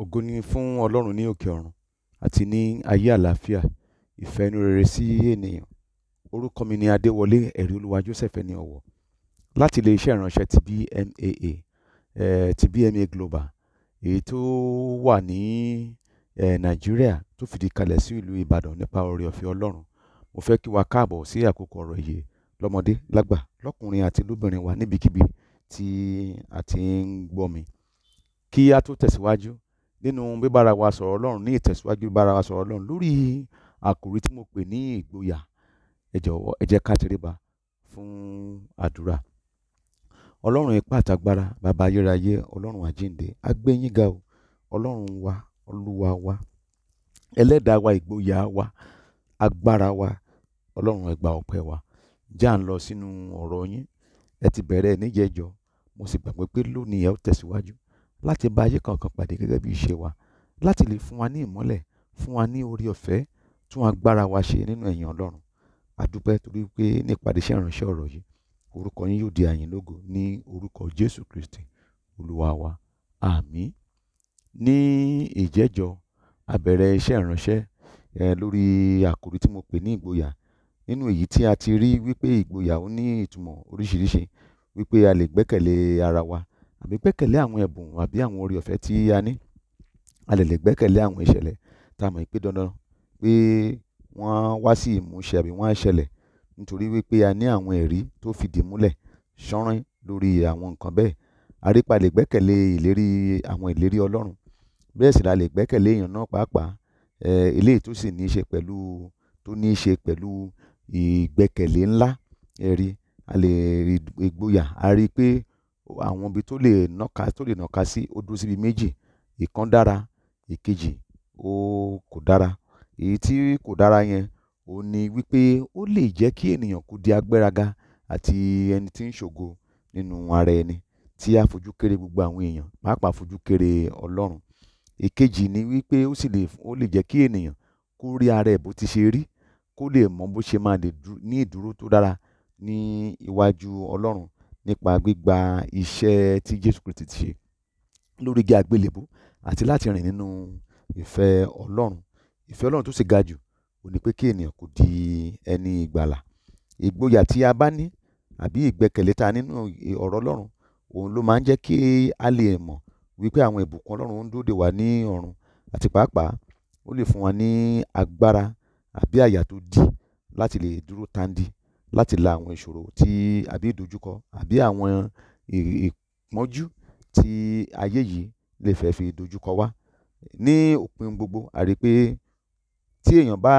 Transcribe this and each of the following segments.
Ògo ni fún Ọlọ́run ní òkè ọ̀run àti ní ayé àlàáfíà ìfẹ́ inú rere sí ènìyàn. Orúkọ mi ni Adéwọlé Ẹ̀rí Olúwa Joseph ẹni ọ̀wọ̀ láti ilé iṣẹ́ ìránṣẹ́ ti BMAA ti BMA Global èyí tó wà ní Nàìjíríà tó fìdí kalẹ̀ sí ìlú Ìbàdàn nípa oore ọ̀fẹ́ Ọlọ́run. Mo fẹ́ kí wa káàbọ̀ sí àkókò ọ̀rọ̀ ìyè lọ́mọdé lágbà lọ́kùnrin àti lóbìnrin wa níbikíbi tí a ti ń gbọ́ mi. Kí a tó tẹ̀síwájú nínú bíbára wa sọ̀rọ̀ ọlọ́run ní ìtẹ̀síwájú bíbára wa sọ̀rọ̀ ọlọ́run lórí àkòrí tí mo pè ní ìgboyà ẹ jọ̀wọ́ ẹ jẹ́ ká tẹríba fún àdúrà ọlọ́run ipá àtagbára bàbá ayérayé ọlọ́run àjíǹde agbẹ́yìn o ọlọ́run wa olúwa wa ẹlẹ́dàá wa ìgboyà wa agbára wa ọlọ́run ẹgbà ọpẹ́ wa já ń lọ sínú ọ̀rọ̀ yín ẹ ti bẹ̀rẹ̀ níjẹjọ mo sì gbàgbé pé lónìí ẹ ó tẹ̀síwájú láti bá ayé kọ̀ọ̀kan pàdé gẹ́gẹ́ bí iṣẹ́ wa láti lè fún wa ní ìmọ́lẹ̀ fún wa ní oore ọ̀fẹ́ tún agbára wa ṣe nínú ẹ̀yìn Ọlọ́run a dúpẹ́ torí pé nípa iṣẹ́ ìránṣẹ́ ọ̀rọ̀ yìí orúkọ yín yóò di àyìn lógo ní orúkọ Jésù Kristi Olúwa wa àmín ní ìjẹ́jọ́ a bẹ̀rẹ̀ iṣẹ́ ìránṣẹ́ lórí àkòrí tí mo pè ní ìgboyà nínú èyí tí a ti rí wípé ìgboyà ó ní ìtumọ̀ oríṣiríṣi wípé a lè gbẹ́kẹ̀lé ara wa àbí gbẹ́kẹ̀lé àwọn ẹ̀bùn àbí àwọn oore ọ̀fẹ́ tí a ní a lè lè gbẹ́kẹ̀lé àwọn ìṣẹ̀lẹ̀ tá a mọ̀ pé dandan pé wọ́n wá sí ìmúṣẹ àbí wọ́n á ṣẹlẹ̀ nítorí wípé a ní àwọn ẹ̀rí tó fìdí múlẹ̀ ṣánrán lórí àwọn nǹkan bẹ́ẹ̀ àrípa lè gbẹ́kẹ̀lé ìlérí àwọn ìlérí Ọlọ́run bẹ́ẹ̀ sì la lè gbẹ́kẹ̀lé èèyàn náà pàápàá eléyìí tó sì ní pẹ̀lú tó ní pẹ̀lú ìgbẹ́kẹ̀lé ńlá ẹ̀rí a lè rí ìgboyà e a rí i pé àwọn ibi tó lè nàka tó lè nàka sí ó dúró síbi méjì ìkan dára ìkejì ó kò dára èyí tí kò dára yẹn òun ni wípé ó lè jẹ́ kí ènìyàn kó di agbéraga àti ẹni tí ń ṣògo nínú ara ẹni tí a fojú kéré gbogbo àwọn èèyàn pàápàá fojú kéré Ọlọ́run ìkejì ni wípé ó sì lè jẹ́ kí ènìyàn kó rí ara ẹ̀ bó ti ṣe rí kó lè mọ bó ṣe máa ní ìdúró tó dára ní iwájú Ọlọ́run nípa gbígba iṣẹ́ tí Jésù Kristi ti ṣe lórí igi àgbélébù àti láti rìn nínú ìfẹ́ Ọlọ́run ìfẹ́ Ọlọ́run tó sì ga jù ó ní pé kí ènìyàn kò di ẹni ìgbàlà ìgboyà tí a bá ní àbí ìgbẹ́kẹ̀lé ta nínú ọ̀rọ̀ Ọlọ́run òun ló máa ń jẹ́ kí a lè mọ̀ wípé àwọn ìbùkún Ọlọ́run ń dóde wá ní ọ̀run àti pàápàá ó lè fún wa ní agbára àbí àyà tó dí láti lè dúró tandi láti la àwọn ìṣòro tí àbí ìdojúkọ àbí àwọn ìpọ́njú tí ayé yìí lè fẹ́ fi dojúkọ wá. Ní òpin gbogbo, a rí pé tí èèyàn bá,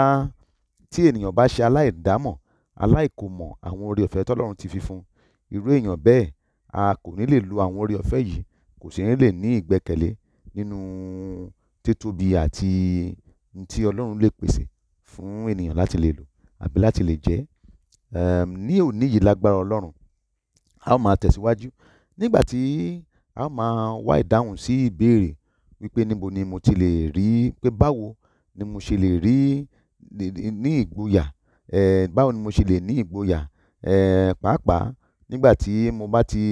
tí ènìyàn bá ṣe aláìdámọ̀, aláìkòmọ̀ àwọn oore ọ̀fẹ́ tó Ọlọ́run ti fi fún un, irú èèyàn bẹ́ẹ̀ a kò ní lè lo àwọn oore ọ̀fẹ́ yìí, kò sì ní lè ní ìgbẹ́kẹ̀lé nínú títóbi àti tí Ọlọ́run lè pèsè fún ènìyàn láti lè lò àbí láti lè jẹ́ um ní òní yìí lágbára ọlọ́run a ó máa tẹ̀síwájú nígbà tí a ó máa wá ìdáhùn sí ìbéèrè wípé níbo ni mo ti lè rí pé báwo ni mo ṣe lè rí ní ìgboyà báwo ni mo ṣe lè ní ìgboyà pàápàá nígbà tí mo bá ti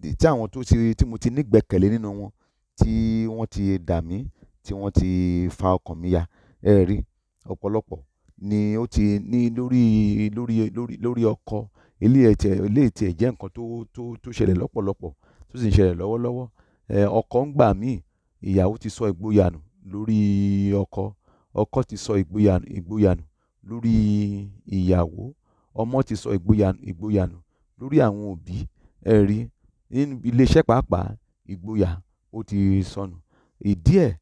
tí àwọn tó ti tí mo ti nígbẹ̀kẹ̀lé nínú wọn tí wọ́n ti dà mí tí wọ́n ti fa ọkàn mi ya ẹ ọ̀pọ̀lọpọ̀ ni ó ti ní lórí lórí lórí lórí ọkọ eléyìí tiẹ̀ eléyìí tiẹ̀ jẹ́ nǹkan tó tó tó ṣẹlẹ̀ lọ́pọ̀lọpọ̀ tó sì ń ṣẹlẹ̀ lọ́wọ́lọ́wọ́ ọkọ ń gbà míì ìyàwó ti sọ ìgboyà nù lórí ọkọ ọkọ ti sọ ìgboyà nù ìgboyà nù lórí ìyàwó ọmọ ti sọ ìgboyà nù ìgboyà nù lórí àwọn òbí ẹ rí iléeṣẹ́ pàápàá ìgboyà ó ti sọnù ìdí ẹ̀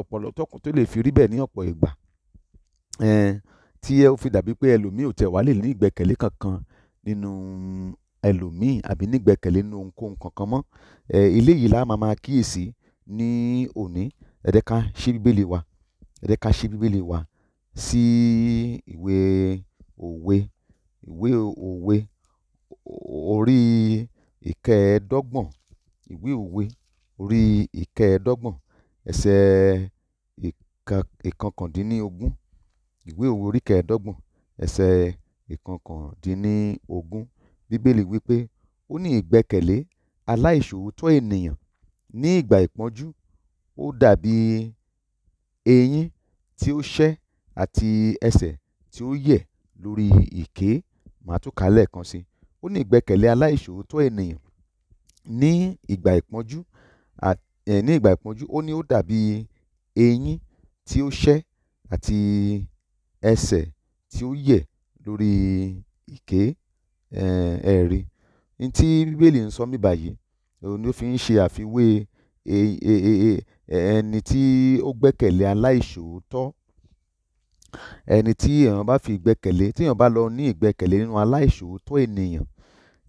ọ̀pọ̀lọpọ̀ tó lè fi rí bẹ́ẹ̀ ní ọ̀pọ̀ ìgbà tí ó fi dàbí pé ẹlòmíì ò tẹ̀ wá lè ní ìgbẹ́kẹ̀lé kankan nínú ẹlòmíì àbí ní ìgbẹ́kẹ̀lé nínú ohunkóhun kankan mọ́ eléyìí la máa máa kíyèsí ní òní ẹ jẹ́ ká ṣí bíbélì wa ẹ jẹ́ ká ṣí bíbélì wa sí ìwé òwe ìwé òwe orí ìkẹẹ̀ẹ́dọ́gbọ̀n ìwé òwe orí ìkẹẹ̀ẹ́dọ́gbọ̀n ẹsẹ̀ ìkankàndínlógún ìwé òwe orí kẹẹ̀ẹ́dọ́gbọ̀n ẹsẹ̀ ìkọkàndínníogún bíbélì wí pé ó ní ìgbẹ́kẹ̀lé aláìṣòótọ́ ènìyàn ní ìgbà ìpọ́njú ó dàbí eyín tí ó sẹ́ àti ẹsẹ̀ tí ó yẹ̀ lórí ìké màá tún kà á lẹ́ẹ̀kan sí i ó ní ìgbẹ́kẹ̀lé aláìṣòótọ́ ènìyàn ní ìgbà ìpọ́njú ní ìgbà ìpọ́njú ó ní ó dàbí eyín tí ó sẹ́ àti ẹsẹ̀ tí ó yẹ̀ lórí ìké um ẹ̀rí. N tí Bíbélì ń sọ ní báyìí, òun ni ó fi ń ṣe àfiwé e, e, e, ẹni tí ó gbẹ́kẹ̀lé aláìṣòótọ́. Ẹni tí èèyàn bá fi ìgbẹ́kẹ̀lé, tí èèyàn bá lọ ní ìgbẹ́kẹ̀lé nínú aláìṣòótọ́ ènìyàn,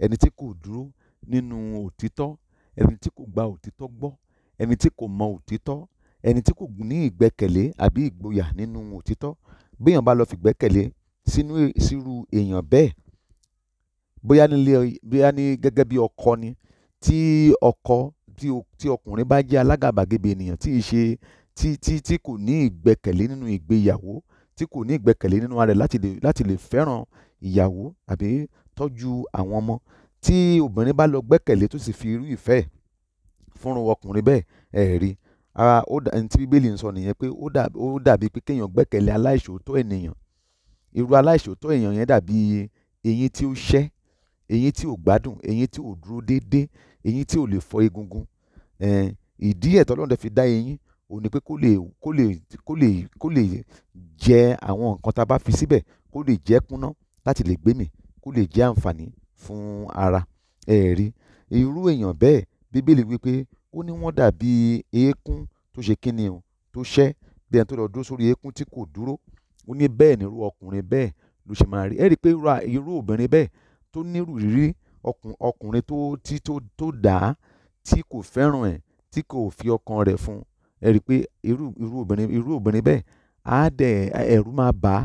ẹni tí kò dúró nínú òtítọ́, ẹni tí kò gba òtítọ́ gbọ́, ẹni tí kò mọ òtítọ́, ẹni tí kò ní ìgbẹ́kẹ̀lé àbí ìgboyà nínú òtítọ́ béèyàn bá lọ fìgbẹ́kẹ̀lé sínú sírú èèyàn bẹ́ẹ̀ bóyá nílé bóyá ní gẹ́gẹ́ bí ọkọ ni tí ọkọ tí ọkùnrin bá jẹ́ alágàbàgebè ènìyàn tí ì ṣe tí tí tí kò ní ìgbẹ́kẹ̀lé nínú ìgbéyàwó tí kò ní ìgbẹ́kẹ̀lé nínú ara rẹ̀ láti lè láti lè fẹ́ràn ìyàwó àbí tọ́jú àwọn ọmọ tí obìnrin bá lọ gbẹ́kẹ̀lé tó sì fi irú ìfẹ́ fúnrun ọkùnrin bẹ́ẹ̀ ẹ̀ rí i ara ó dà ní tí bíbélì ń sọ nìyẹn pé ó dàbí pé kéèyàn gbẹ́kẹ̀lé aláìṣòótọ́ ènìyàn irú aláìṣòótọ́ èèyàn yẹn dàbí eyín tí ó ṣẹ́ eyín tí ò gbádùn eyín tí ò dúró déédéé eyín tí ò lè fọ egungun ìdí ẹ̀ tọ́lọ́run fi dá eyín ò ní pé kó lè kó lè kó lè kó lè jẹ àwọn nǹkan tá a bá fi síbẹ̀ kó lè jẹ́ kúnná láti lè gbémì kó lè jẹ́ àǹfààní fún ara ẹ̀rí irú èèyàn bẹ́ẹ̀ bíbélì wípé ó ní wọ́n dà bí eékún tó ṣe kíni o tó ṣẹ́ bí ẹni tó lọ dúró sórí eékún tí kò dúró ó ní bẹ́ẹ̀ ni irú ọkùnrin bẹ́ẹ̀ ló ṣe máa rí ẹ rí i pé irú obìnrin bẹ́ẹ̀ tó nírú rírí ọkùnrin tó tí tó dà á tí kò fẹ́ràn ẹ̀ tí kò fi ọkàn rẹ̀ fún ẹ rí i pé irú irú obìnrin bẹ́ẹ̀ á dẹ̀ ẹ̀rù máa bà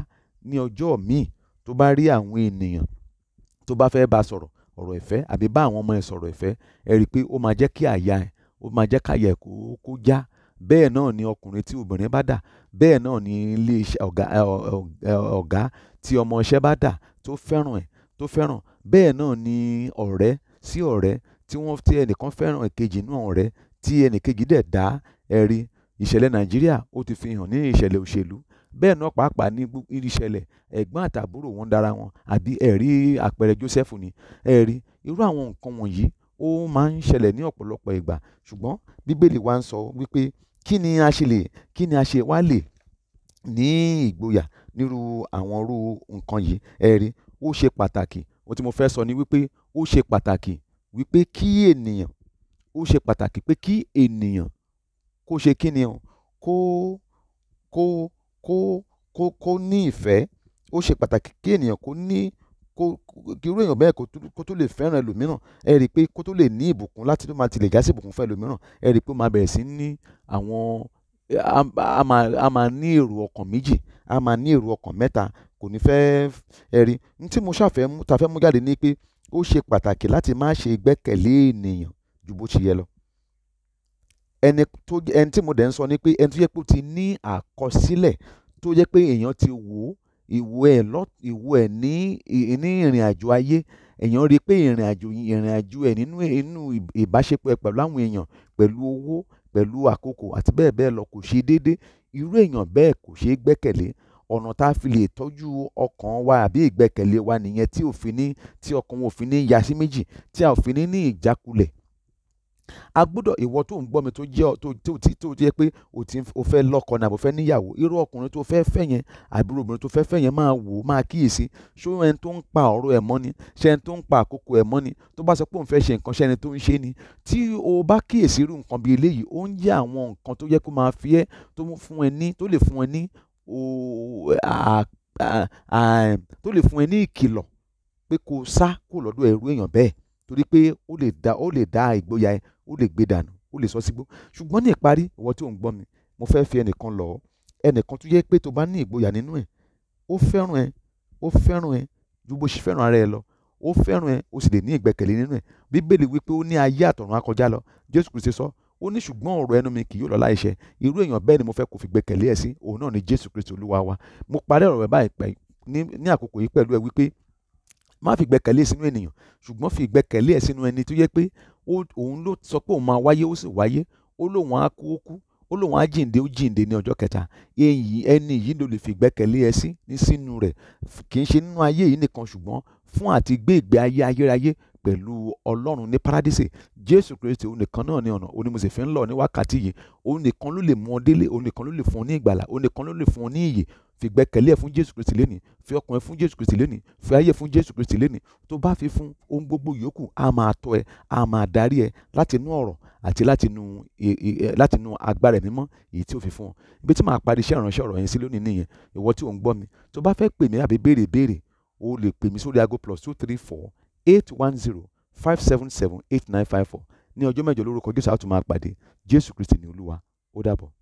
ní ọjọ́ míì tó bá rí àwọn ènìyàn tó bá fẹ́ bá sọ̀rọ̀ ọ̀rọ̀ ìfẹ́ àbí bá àwọn ọmọ ẹ̀ sọ̀rọ̀ ìfẹ́ ẹ rí i pé ó máa jẹ́ kí àyà ẹ̀ ó máa jẹ́ káyà ẹ̀ kó kó já bẹ́ẹ̀ náà ni ọkùnrin tí obìnrin bá dà bẹ́ẹ̀ náà ni ilé iṣẹ́ ọ̀gá ọ̀gá tí ọmọ iṣẹ́ bá dà tó fẹ́ràn ẹ̀ tó fẹ́ràn bẹ́ẹ̀ náà ni ọ̀rẹ́ sí ọ̀rẹ́ tí wọ́n ti ẹnìkan fẹ́ràn èkejì inú ọ̀rẹ́ tí ẹnìkejì dẹ̀ dá ẹ̀rí ìṣẹ̀lẹ̀ Nàìjíríà ó ti fi hàn ní ìṣẹ̀lẹ̀ òṣèlú bẹ́ẹ̀ náà pàápàá ní ìṣẹ̀lẹ̀ ẹ̀gbọ́n àtàbúrò wọn dára wọn àbí ẹ̀rí àpẹẹrẹ Joseph ni ẹ̀rí irú àwọn nǹkan wọ̀nyí ó máa ń ṣẹlẹ̀ ní ọ̀pọ̀lọpọ̀ ìgbà ṣùgbọ́n bíbélì wa ń sọ wípé kí ni a ṣe lè kí ni a ṣe wá lè ní ìgboyà nírú àwọn irú nǹkan yìí ẹ ó ṣe pàtàkì ohun tí mo fẹ́ sọ ni wípé ó ṣe pàtàkì wípé kí ènìyàn ó ṣe pàtàkì pé kí ènìyàn kó ṣe kí ni o kó kó kó kó kó ní ìfẹ́ ó ṣe pàtàkì kí ènìyàn kó ní kó kí irú èèyàn bẹ́ẹ̀ kó tó lè fẹ́ràn ẹlòmíràn ẹ rí i pé kó tó lè ní ìbùkún láti tó máa tilẹ̀ já sí ìbùkún fún ẹlòmíràn ẹ rí i pé ó máa bẹ̀rẹ̀ sí ní àwọn a máa ní èrò ọkàn méjì a máa ní èrò ọkàn mẹ́ta kò ní fẹ́ ẹ rí n tí mo ṣàfẹ́ tafẹ́ mú jáde ni pé ó ṣe pàtàkì láti má ṣe gbẹ́kẹ̀lé ènìyàn ju bó ṣe yẹ lọ ẹni tó ẹni tí mo dẹ̀ ń sọ ni pé ẹni tó yẹ pé ó ti ní àkọsílẹ̀ tó yẹ pé èèyàn ti wò ó ìwo ẹ̀ lọ́ ìwo ẹ̀ ní ní ìrìn àjò ayé èèyàn rí i pé ìrìn àjò ìrìn àjò ẹ̀ nínú inú ìbáṣepọ̀ ẹ̀ pẹ̀lú àwọn èèyàn pẹ̀lú owó pẹ̀lú àkókò àti bẹ́ẹ̀ bẹ́ẹ̀ lọ kò ṣe déédé irú èèyàn bẹ́ẹ̀ kò ṣeé gbẹ́kẹ̀lé ọ̀nà tá a fi lè tọ́jú ọkàn wa àbí ìgbẹ́kẹ̀lé wa nìyẹn tí òfin ní tí ọkàn wa òfin ní ya sí méjì tí a òfin ní ní ìjákulẹ̀ a gbọ́dọ̀ ìwọ tó ń gbọ́ mi tó jẹ́ tó tí tó jẹ́ pé o fẹ́ lọ́kọ náà àbò fẹ́ níyàwó irú ọkùnrin tó fẹ́ fẹ́ yẹn àbúrò obìnrin tó fẹ́ fẹ́ yẹn máa wò máa kíyèsí ṣó ẹni tó ń pa ọ̀rọ̀ ẹ̀ mọ́ ni ṣé ẹni tó ń pa àkókò ẹ̀ mọ́ ni tó bá sọ pé òun fẹ́ ṣe nǹkan ṣẹ́ni tó ń ṣe ni tí o bá kíyèsí irú nǹkan bíi eléyìí ó ń yá àwọn nǹkan tó yẹ kó máa fi ẹ́ tó fún ẹ ní tó lè fún ẹ ní tó lè fún ẹ pé kó sá kó lọ́dọ̀ ẹrú èèyàn bẹ́ẹ̀ torí pé ó lè da ó lè da ìgboyà ẹ ó lè gbé dànù ó lè sọ sígbó ṣùgbọ́n ní ìparí ìwọ tí ò ń gbọ́ mi mo fẹ́ fi ẹnìkan lọ̀ ọ́ ẹnìkan tó yẹ pé tó bá ní ìgboyà nínú ẹ̀ ó fẹ́ràn ẹ ó fẹ́ràn ẹ ju bó ṣe fẹ́ràn ara ẹ lọ ó fẹ́ràn ẹ ó sì lè ní ìgbẹ́kẹ̀lé nínú ẹ̀ bíbélì wípé ó ní ayé àtọ̀run akọjá lọ jésù kristi sọ ó ní ṣùgbọ́n ọ̀rọ̀ ẹnu mi kì yóò lọ láìṣẹ irú èèyàn bẹ́ẹ̀ ni mo fẹ́ kó fi gbẹ́kẹ̀lé ẹ̀ sí òun náà ni jésù kristi olúwa wa mo parí ọ̀rọ̀ rẹ̀ báyìí ní àkókò yìí pẹ̀lú ẹ wípé má fi ìgbẹ́kẹ̀lé sínú ènìyàn ṣùgbọ́n fi ìgbẹ́kẹ̀lé ẹ̀ sínú ẹni tó yẹ pé òun ló sọ pé òun máa wáyé ó sì wáyé ó lóun á kú ó kú ó lóun á jíǹde ó jíǹde ní ọjọ́ kẹta èyí ẹni yìí ló lè fi ìgbẹ́kẹ̀lé ẹ sí ní sínú rẹ̀ kì í ṣe nínú ayé yìí nìkan ṣùgbọ́n fún àti gbé ìgbé ayé ayérayé pẹ̀lú ọlọ́run ní paradísè jésù kristi òun nìkan náà ní ọ̀nà òun ni mo sì fi ń lọ ní wákàtí yìí òun nìkan ló lè mú ọ délé òun nìkan ló lè fún ọ ní ìgbàlà òun nìkan ló lè fún ọ ní ìyè fi gbẹ́kẹ̀lé ẹ̀ fún jésù kristi lẹ́nìí fi ọkàn ẹ̀ fún jésù kristi lẹ́nìí fi ayé fún jésù kristi lẹ́nìí tó bá fi fún ohun gbogbo yòókù á máa tọ́ ẹ á máa darí ẹ láti inú ọ̀rọ̀ àti láti inú láti inú agbára ẹ̀ mímọ́ èyí tí ó fi fún ọ ibi tí màá parí iṣẹ́ ìránṣẹ́ ọ̀rọ̀ yẹn sí lónìí nìyẹn ìwọ tí ò ń gbọ́ mi tó bá fẹ́ pè mí àbí béèrè béèrè o lè pè mí sórí aago plus two three four eight one zero five seven seven eight nine five four ní ọjọ́ mẹ́jọ lórúkọ jésù àtúmọ̀ àpàdé jésù kristi ní olúwa ó dàbọ̀.